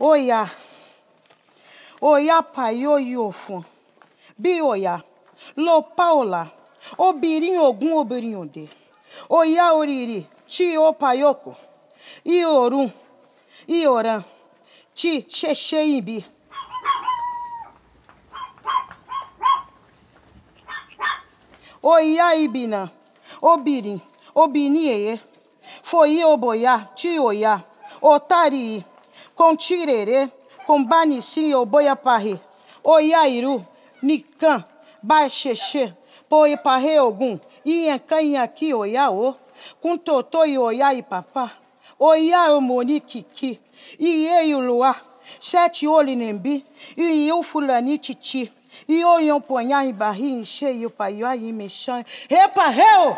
oya oya payoyofun bí oya lo paola obìnrin ogun obìnrin òde oya oriri chi opayoko iorun ioran chi ṣeṣeyinbi. oya ibina obìnrin obìnrin èyẹ foyi oboya chi oya otari. com Tirerê, com Banissim e Oboiaparri, Oiairu, Nican, Baixexê, Poiparre Ogum, Iencan Inhaqui Oiaô, com Totô e Oiá e Papá, Oiá Omoni Kiki, Iei Luá, Sete Olinembi, Iu Fulani Titi, Ioi Ponhá em Barri, Enchei o Paió e Mexã, Reparreu!